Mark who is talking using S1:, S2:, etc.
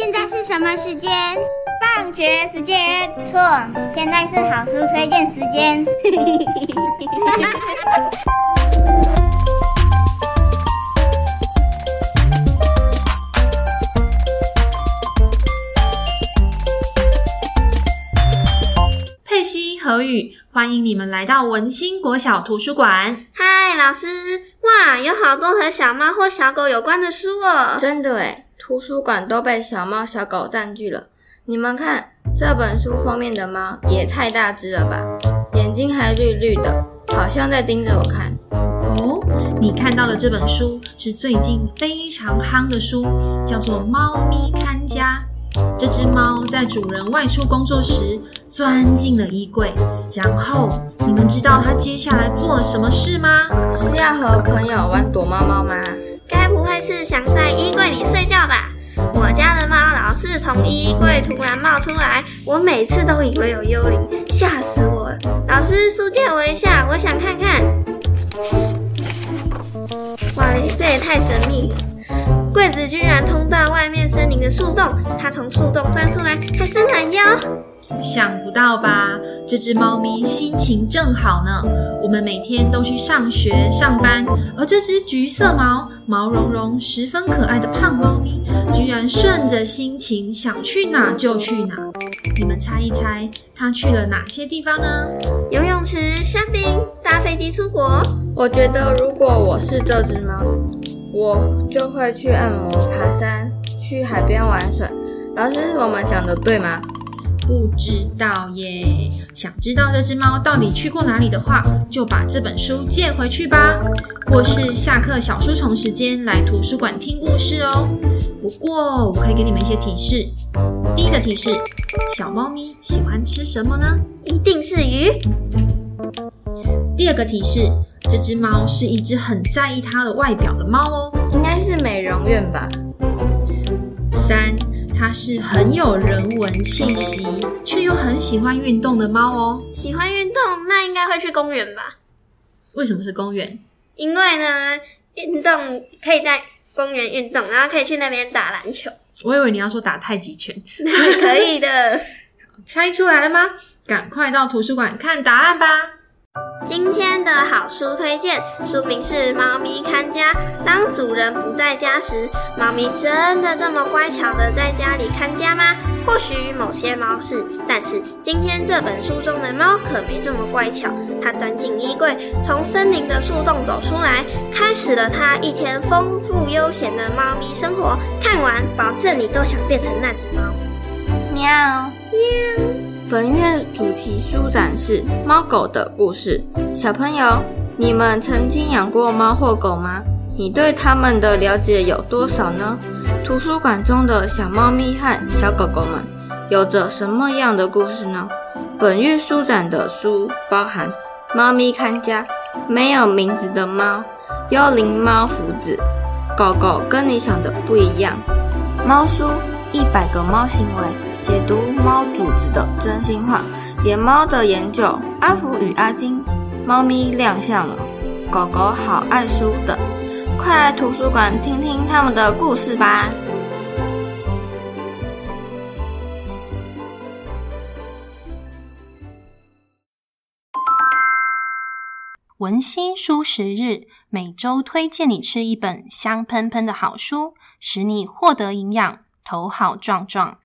S1: 現在是什麼時間？放學時間。錯，現在是好書推薦時間。 沛希、合妤，歡迎你們來到文欣國小圖書
S2: 館。嗨，老師！哇，有好多和小貓或小狗有關的書哦。真的哎。圖書館都被小貓小狗佔據了。你們看這本書封面的貓也太大隻了吧，眼睛還綠綠的，好像在盯着我看。哦，你看到的這本書是最近非常夯
S1: 的書，叫做《貓咪看家》。這隻貓在主人外出工作時鑽進了衣櫃，然後你們知道它接下來做了什麼事嗎？是要和朋友玩躲貓貓嗎？該不會是想在衣櫃裡睡覺吧？我家的貓老是從衣櫃突然冒出來，我每次都以為有幽靈，嚇死我了！老師，書借我一下，我想看看。哇，這也太神秘了！櫃子居然通到外面森林的樹洞，它從樹洞鑽出來，還伸懶腰。想不到吧？這隻貓咪心情正好呢。我們每天都去上學、上班，而這隻橘色毛、毛茸茸、十分可愛的胖貓咪，居然順着心情想去哪就去哪。你們猜一猜，它去了哪些地方呢？游泳池、山頂、搭飛機出
S2: 國。我覺得，如果我是這隻貓，我就會去按摩、爬山、去海邊玩耍。老師，我們講的對嗎？不
S1: 知道耶，想知道這只貓到底去過哪裡的話，就把這本書借回去吧，或是下課小書蟲時間來圖書館聽故事哦。不過我可以給你們一些提示。第一個提示，小貓咪喜歡吃什麼呢？一定是魚。第二個提示，這只貓是一只很在意它的外表的貓哦，應該是美容院吧。三。它是很有人文氣息，卻又很喜歡運動的貓哦。喜歡運動，那應該會去公園吧？為什麼是公園？因為呢，運動可以在公園運動，然後可以去那邊打籃球。我以為你要說打太極拳，那也可以的。 猜出來了嗎？趕快到圖書館看答案吧。今天的好書推薦，書名是《貓咪看家》。當主人不在家時，貓咪真的這麼乖巧的在家裡看家嗎？或許某些貓是，但是今天這本書中的貓可沒這麼乖巧。它鑽進衣櫃，從森林的樹洞走出來，開始了它一天豐富悠閒的貓咪生活。看完，保證你都想變成那隻貓。
S2: 喵喵。喵本月主題書展是貓狗的故事。小朋友，你們曾經養過貓或狗嗎？你對它們的了解有多少呢？圖書館中的小貓咪和小狗狗們有着什麼樣的故事呢？本月書展的書包含《貓咪看家》《沒有名字的貓》《幽靈貓福子》《狗狗跟你想的不一樣》《貓書》《一百個貓行為》。解讀貓主子的真心話，野貓的研究。阿福與阿金，貓咪亮相了。狗狗好愛書的，快來圖書館聽聽他們的故事吧！
S1: 文欣書食日，每周推薦你吃一本香噴噴的好書，使你獲得營養，頭好壯壯。